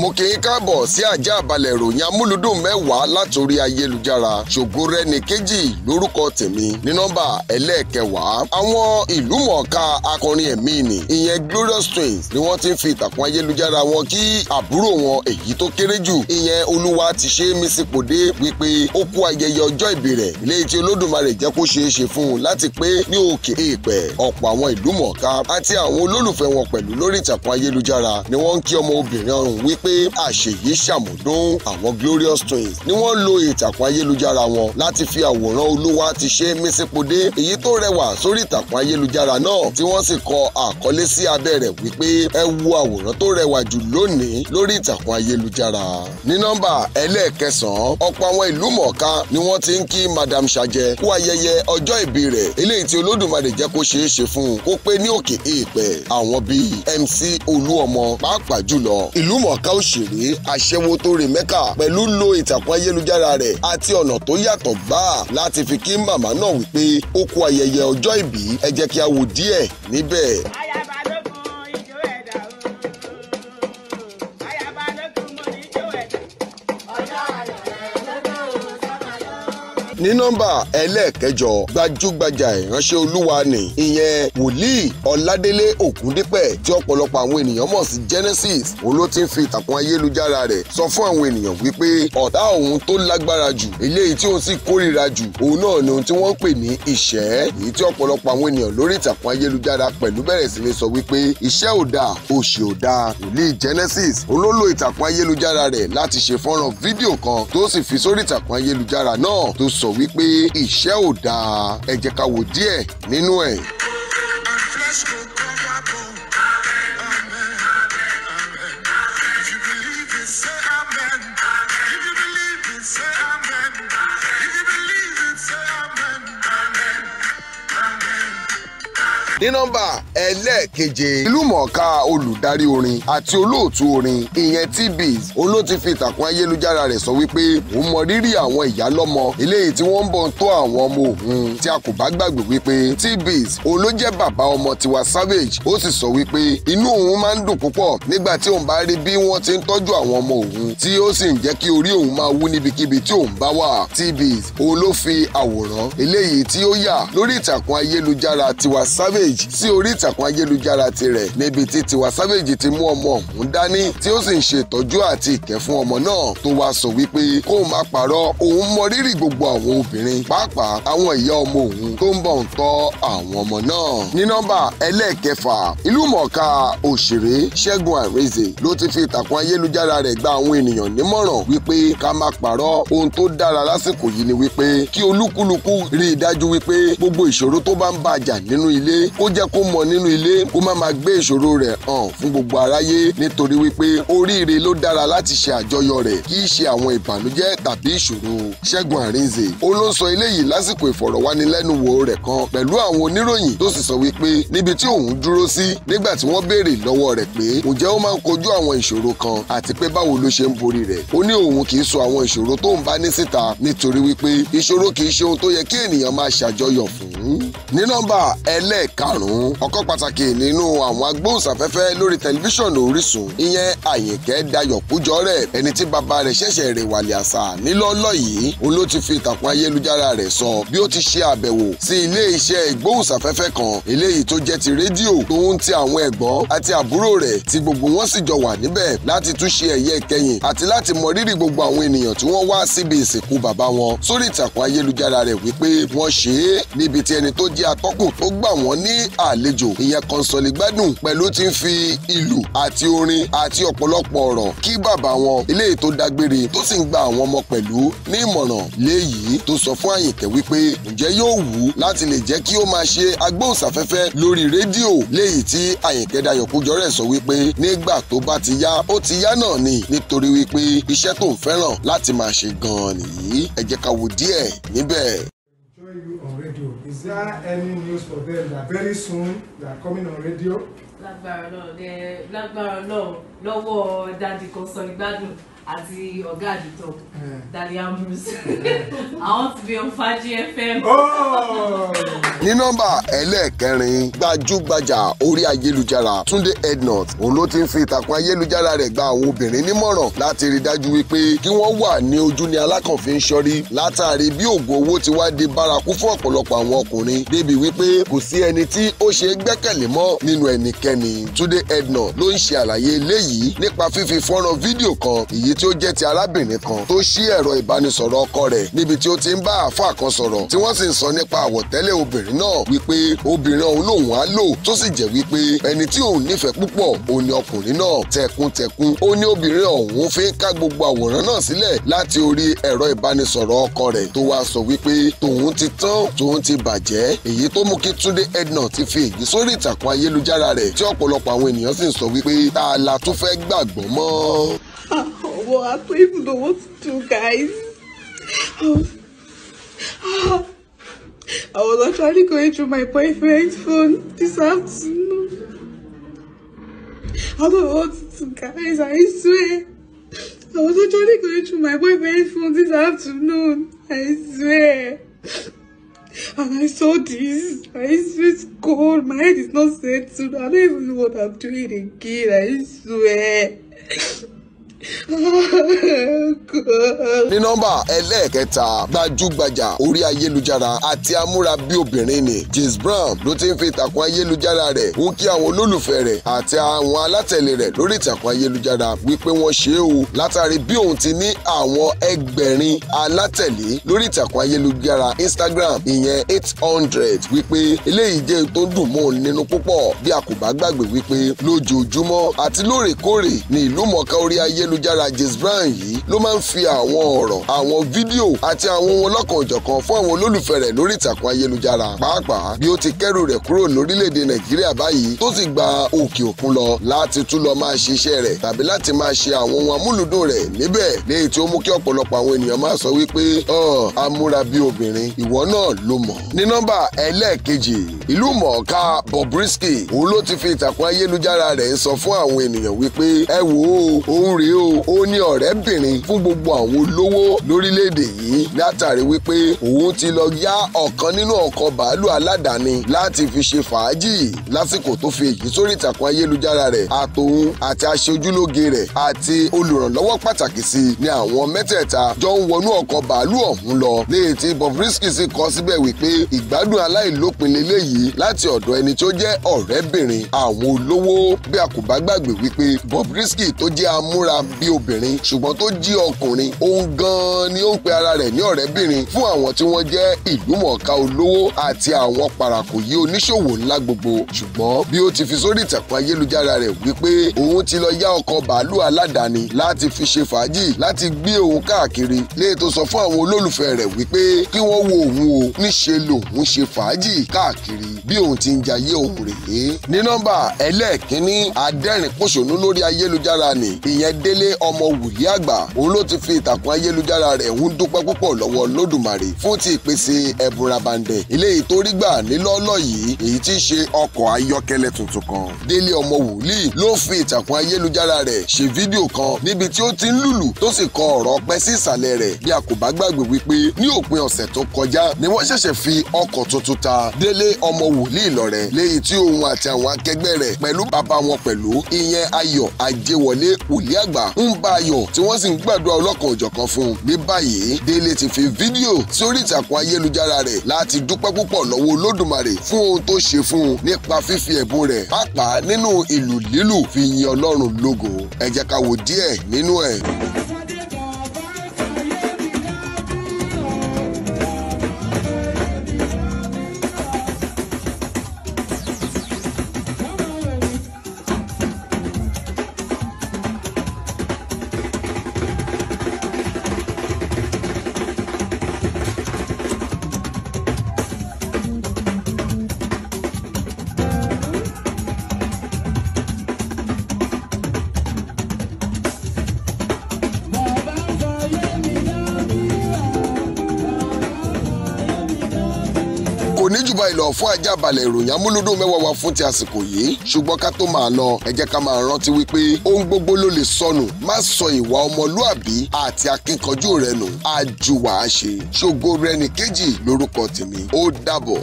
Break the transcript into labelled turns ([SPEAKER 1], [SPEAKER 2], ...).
[SPEAKER 1] mo kì í káàbọ̀ sí ajá balẹ̀ ìròyìn amúlùdùn mẹ́wàá látòrí ayélujára ṣògo rẹni kejì lórúkọ tèmi ní nọ́mbà ẹlẹ́ẹ̀kẹwàá àwọn ìlú mọ̀ọ́ká akọrin ẹ̀mí nì ìyẹn Glorious Twins ni wọ́n ti ń fi ìtàkùn ayélujára wọn kí àbúrò wọn èyí tó kéré jù ìyẹn olúwa ti ṣe é mísípòdé wípé ó kú ayẹyẹ ọjọ́ ìbí rẹ̀ ilé tí olódùmarè jẹ́ kó ṣeé ṣe fún un láti pé ní òkè èèpẹ̀ ọ̀pọ̀ àwọn ìlú àti àwọn olólùfẹ́ wọn pẹ̀lú lórí ìtàkùn ayélujára ni wọ́n ń kí ọmọ obìnrin ọ̀hún wípé pé àṣèyí ṣàmúdún àwọn Glorious Twins ni wọ́n lo ìtàkùn ayélujára wọn láti fi àwòrán olúwa ti ṣe mísípòdé èyí tó rẹwà sórí ìtàkùn ayélujára náà tí wọ́n sì kọ àkọlé sí abẹ́ rẹ̀ wípé ẹ wo àwòrán tó rẹwà jù lónìí lórí ìtàkùn ayélujára. ní nọ́mbà ẹlẹ́ẹ̀kẹsàn-án ọ̀pọ̀ àwọn ìlú mọ̀ọ́ká ni wọ́n ti ń kí Madam Sajẹ kú ayẹyẹ ọjọ́ ìbí rẹ̀ eléyìí tí Olódùmarè jẹ́ kó ṣeé ṣe fún un kó pé ní òkè èèpẹ̀ àwọn bíi MC Olúọmọ pàápàá jùlọ ìlú mọ̀ọ́ká ẹ̀ka òṣèré aṣẹ́wó tó rè mẹ́kà pẹ̀lú lo ìtàkùn ayélujára rẹ̀ àti ọ̀nà tó yàtọ̀ gbáà láti fi kí màmá náà wípé ó kú ayẹyẹ ọjọ́ ìbí ẹ jẹ́ kí a wò díẹ̀ níbẹ̀. ní nọ́mbà ẹlẹ́ẹ̀kẹjọ gbajúgbajà ìránṣẹ́ olúwa ni ìyẹn wòlíì ọládélé ògúndípẹ̀ tí ọ̀pọ̀lọpọ̀ àwọn ènìyàn mọ̀ sí genesis òun ló ti ń fi ìtàkùn ayélujára rẹ̀ sọ fún àwọn ènìyàn wípé ọ̀tá òun tó lágbára jù eléyìí tí òun sì kórìíra jù òun náà ni ohun tí wọ́n ń pè ní ìṣẹ́ èyí tí ọ̀pọ̀lọpọ̀ àwọn ènìyàn lórí ìtàkùn ayélujára pẹ̀lú bẹ̀rẹ̀ sí ni sọ wípé iṣẹ́ ò dáa òṣì ò dáa wòlíì genesis olólo ìtàkùn ayélujára rẹ̀ láti ṣe fọ́nrán fídíò kan tó sì fi sórí ìtàkùn ayélujára náà tó sọ sọ̀rọ̀ wípé ìṣẹ́ ò dáa ẹ jẹ́ ká wò díẹ̀ nínú ẹ̀. ní nọ́mbà ẹlẹ́ẹ̀keje ìlúmọ̀ọ́ká olùdarí orin àti olóòtú orin ìyẹn T-Biz òun ló ti fi ìtàkùn ayélujára rẹ̀ sọ wípé òun mọ rírì àwọn ìyálọ́mọ eléyìí tí wọ́n ń bọ̀ ń tọ́ àwọn ọmọ òun tí a kò bá gbàgbé wípé T-Biz òun ló jẹ́ bàbá ọmọ Tiwa Savage ó sì sọ wípé inú òun máa ń dùn púpọ̀ nígbà tí òun bá rí bí wọ́n ti ń tọ́jú àwọn ọmọ òun tí ó sì ń jẹ́ kí orí òun máa wú níbikíbi tí òun bá wà T-Biz òun ló fi àwòrán eléyìí tí ó yà lórí ìtàkùn ayélujára Tiwa Savage savage sí orí ìtàkùn ayélujára tirẹ̀ níbi tí wa savage ti mú ọmọ ọ̀hún dání tí ó sì ń ṣe ìtọ́jú àti ìkẹ́ fún ọmọ náà tó wáá sọ wípé kó o má parọ́ òun mọ rírì gbogbo àwọn obìnrin pàápàá àwọn ìyá ọmọ òun tó ń bọ̀ ń tọ́ àwọn ọmọ náà. ní nọ́mbà ẹlẹ́ẹ̀kẹfà ìlúmọ̀ọ́ká òṣèré ṣẹ́gun àrèzè ló ti fi ìtàkùn ayélujára rẹ̀ gba àwọn ènìyàn nímọ̀ràn wípé ká má parọ́ ohun tó dára lásìkò yìí ni wípé kí olúkúlùkù rí i dájú wípé gbogbo ìṣòro tó bá ń bàjà nínú ilé kó jẹ́ kó mọ̀ nínú ilé kó má máa gbé ìṣòro rẹ̀ hàn fún gbogbo aráyé nítorí wípé oríire ló dára láti ṣe àjọyọ̀ rẹ̀ kì í ṣe àwọn ìbànújẹ́ tàbí ìṣòro Ṣẹ́gun Àrínzè ó ló ń sọ eléyìí lásìkò ìfọ̀rọ̀wánilẹ́nuwò rẹ̀ kan pẹ̀lú àwọn oníròyìn tó sì sọ wípé níbi tí òun dúró sí nígbà tí wọ́n béèrè lọ́wọ́ rẹ̀ pé ǹjẹ́ ó máa ń kojú àwọn ìṣòro kan àti pé báwo ló ṣe ń borí rẹ̀ ó ní òun kì í sọ àwọn ìṣòro tó ń bá ní síta nítorí wípé ìṣòro kì í ṣe ohun tó yẹ kí ènìyàn máa ṣàjọyọ̀ fún ní nọ́mbà ẹlẹ́ẹ̀ka karùn-ún ọkọ̀ pàtàkì nínú àwọn agbóhùnsáfẹ́fẹ́ lórí tẹlifíṣàn Orísun ìyẹn Àyìnkẹ́ Dayọ̀ Kújọ́rẹ̀ ẹni tí bàbá rẹ̀ ṣẹ̀ṣẹ̀ rẹ̀ wàlẹ̀ àṣà nílọ́lọ́ yìí òun ló ti fi ìtàkùn ayélujára rẹ̀ sọ bí ó ti ṣe àbẹ̀wò sí ilé iṣẹ́ ìgbóhùnsáfẹ́fẹ́ kan eléyìí tó jẹ́ ti rédíò tòun ti àwọn ẹ̀gbọ́n àti àbúrò rẹ̀ tí gbogbo wọn sì jọ wà níbẹ̀ láti tún ṣe ẹ̀yẹ ìkẹyìn àti láti mọ rírì gbogbo àwọn ènìyàn tí wọ́n wá síbi ìsìnkú bàbá wọn sórí ìtàkùn ayélujára rẹ̀ wípé wọ́n ṣe é níbi tí ẹni tó jẹ́ atọ́kùn tó gbà wọ́n ní àlejò ìyẹn Kọ́nsọ̀lì Gbádùn pẹ̀lú ti ń fi ìlù àti orin àti ọ̀pọ̀lọpọ̀ ọ̀rọ̀ kí bàbá wọn eléyìí tó dágbére tó sì ń gba àwọn ọmọ pẹ̀lú ní ìmọ̀ràn léyìí tó sọ fún Àyìnkẹ́ wípé ǹjẹ́ yóò wù ú láti lè jẹ́ kí ó máa ṣe agbóhùnsáfẹ́fẹ́ lórí rédíò léyìí tí Àyìnkẹ́ Dayọ̀ Kújọrẹ́ sọ wípé nígbà tó bá ti yá ó ti yá náà ni nítorí wípé iṣẹ́ tó ń fẹ́ràn láti máa ṣe gan-an nìyí ẹ ká wo díẹ̀ níbẹ̀ is there any news for them that very soon they are coming on radio. lágbára náà lágbára náà lọ́wọ́ dadi kan sọ ní gbádùn àti ọ̀gá àdìtọ̀ Dali Ambrose àwọn ti bí on Fàájì FM. Oh! ní nọ́mbà ẹlẹ́ẹ̀kẹrin gbajúgbajà orí ayélujára Túndé Ednut òun ló ti ń fi ìtàkùn ayélujára rẹ̀ gba àwọn obìnrin nímọ̀ràn láti rí dájú wípé kí wọ́n wà ní ojú ni alákànfin ṣọ́rí látàrí bí ògùn owó ti wá di bárakú fún ọ̀pọ̀lọpọ̀ àwọn ọkùnrin débi wípé kò sí ẹni tí ó ṣe gbẹ́kẹ̀lé mọ́ nínú ẹnikẹ́ni Túndé Ednut ló ń ṣe àlàyé eléyìí nípa fífi fọ́nrán fídíò kan èyí tí ó jẹ́ ti arábìnrin kan tó ṣí ẹ̀rọ ìbánisọ̀rọ̀ ọkọ rẹ̀ níbi tí ó ti ń bá àáfàá kan sọ̀rọ̀ tí wọ́n sì ń sọ nípa àwọ̀tẹ́lẹ̀ obìnrin náà wípé obìnrin ọ̀hún lòun á lò tó sì jẹ́ wípé ẹni tí òun nífẹ̀ẹ́ púpọ̀ òun ni ọkùnrin náà tẹkuntẹkun ó ní obìnrin ọ̀hún fi ń ká gbogbo àwòrán náà sílẹ̀ láti orí ẹ̀rọ ìbánisọ̀rọ̀ ọkọ rẹ̀ tó wá sọ wípé tòun ti tán tòun ti bàjẹ́ èyí tó mú kí Túndé Edna ti fi èyí sórí ìtàkùn ayélujára rẹ̀ tí ọ̀pọ̀lọpọ̀ àwọn ènìyàn sì ń la tún fẹ́ gbàgbọ́ mọ́. well, I sleep in the water too, guys. I was actually going through my boyfriend's phone this afternoon. I don't know what to, guys, I swear. I was actually going through my boyfriend's phone this afternoon. I swear. And I saw this. I swear to God, my head is not set. settled. I don't even know what I'm doing again. I swear. ní nọ́mbà ẹlẹ́ẹ̀kẹta gbajúgbajà orí ayélujára àti amúra bí obìnrin ni James Brown ló ti ń fi ìtàkùn ayélujára rẹ̀ ń kí àwọn olólùfẹ́ rẹ̀ àti àwọn alátẹ̀lé rẹ̀ lórí ìtàkùn ayélujára wípé wọ́n ṣe é o látàrí bí òun ti ní àwọn ẹgbẹ̀rin alátẹ̀lé lórí ìtàkùn ayélujára Instagram ìyẹn eight hundred wípé eléyìí jẹ́ tó dùn mọ́ òun nínú púpọ̀ bí a kò bá gbàgbé wípé lójoojúmọ́ àti lóòrèkóòrè ni ìlú mọ̀ọ́ká orí ayélujára ayélujára James Brown yìí ló máa ń fi àwọn ọ̀rọ̀ àwọn fídíò àti àwọn ohun ọlọ́kanòjọ̀kan fún àwọn olólùfẹ́ rẹ̀ lórí ìtàkùn ayélujára pàápàá bí ó ti kẹ́rù rẹ̀ kúrò lórílẹ̀‐èdè Nàìjíríà báyìí tó sì gba òkè òkun lọ láti tún lọ máa ṣe iṣẹ́ rẹ̀ tàbí láti máa ṣe àwọn ohun amúlùdùn rẹ̀ níbẹ̀ léyìí tí ó mú kí ọ̀pọ̀lọpọ̀ àwọn ènìyàn máa sọ wípé Bobrisky òun ló ti ẹ wò ó òun rèé o ó ní ọ̀rẹ́bìnrin fún gbogbo àwọn olówó lórílẹ̀‐èdè yìí látàrí wípé òun ti lọ yá ọ̀kan nínú ọkọ̀ bàálù aládàáni láti fi ṣe fàájì lásìkò tó fi èyí sórí ìtàkùn ayélujára rẹ̀ àtòun àti aṣojúlóge rẹ̀ àti olùrànlọ́wọ́ pàtàkì sí ni àwọn mẹ́tẹ̀ẹ̀ta jọ ń wọnú ọkọ̀ bàálù ọ̀hún lọ léyìí tí Bobrisky sì kọ síbẹ̀ wípé ìgbádùn aláìlópin leléyìí láti ọ̀dọ̀ ẹni tó jẹ́ ọ̀rẹ́bìnrin àwọn olówó bí a kò bá gbàgbé wípé Bobrisky tó jẹ́ amúra bí obìnrin ṣùgbọ́n tó jí ọkùnrin òun gan-an ni ó ń pe ara rẹ̀ ní ọ̀rẹ́bìnrin fún àwọn tí wọ́n jẹ́ ìlúmọ̀ọ́ká olówó àti àwọn paraku yìí oníṣòwò ńlá gbogbo ṣùgbọ́n bí ó ti fi sórí ìtàkùn ayélujára rẹ̀ wípé òun ti lọ yá ọkọ̀ bàálù aládàáni láti fi ṣe fàájì láti gbé òun káàkiri léètò sọ fún àwọn olólùfẹ́ rẹ̀ wípé kí wọ́n wo òun o níṣe lòun ṣe fàájì káàkiri bí òun ti ń jayé òun rèé ní nọ́mbà ẹlẹ́ẹ̀kínní adẹ́rìn-pọ̀ṣónú lórí ayélujára ni ìyẹn délé délé ọmọ wòlíì àgbà òun ló ti fi ìtàkùn ayélujára rẹ̀ ń dúpẹ́ púpọ̀ lọ́wọ́ lódùmarè fún ti ìpèsè ẹ̀bùn rabandẹ̀ ilé ìtorí gbà nílọ́lọ́ yìí èyí tí í ṣe ọkọ̀ ayọ́kẹ́lẹ́ tuntun kan délé ọmọ wòlíì ló fi ìtàkùn ayélujára rẹ̀ ṣe fídíò kan níbi tí ó ti ń lùlù tó sì kọ ọ̀rọ̀ ọpẹ́ sí ìsàlẹ̀ rẹ̀ bí a kò bá gbàgbé wípé ní òpin ọ̀sẹ̀ tó kọjá ni wọ́n ṣẹ̀ṣẹ̀ fi ọkọ̀ tuntun ta délé ọmọ wòlíì lọ́rẹ̀ léyìí tí òun àti àwọn akẹgbẹ́ rẹ̀ pẹ̀lú bàbá wọn pẹ̀lú ìyẹn ayọ̀ ajéwọlé ń bá a yọ̀ tí wọ́n sì ń gbàdúrà ọlọ́kan òjọ̀kan fún un. ní báyìí Délé ti fi fídíò sórí ìtàkùn ayélujára rẹ̀ láti dúpẹ́ púpọ̀ lọ́wọ́ Olódùmarè fún ohun tó ṣe fún un nípa fífi ẹ̀bùn rẹ̀ pàápàá nínú ìlù lílù fi yin Ọlọ́run lógo ẹ jẹ́ ká wò díẹ̀ nínú ẹ̀. ní jù báyìí lọ fún àjàbalẹ̀ ìròyìn amúlùdùn mẹ́wàá wa fún ti àsìkò yìí ṣùgbọ́n ká tó máa lọ ẹ jẹ́ ká máa rántí wípé ohun gbogbo ló lè sọnù má sọ ìwà ọmọlúàbí àti akíkanjú rẹ nù àjùwà á ṣe ṣògo rẹ nìkejì lórúkọ tèmi ó dàbọ̀.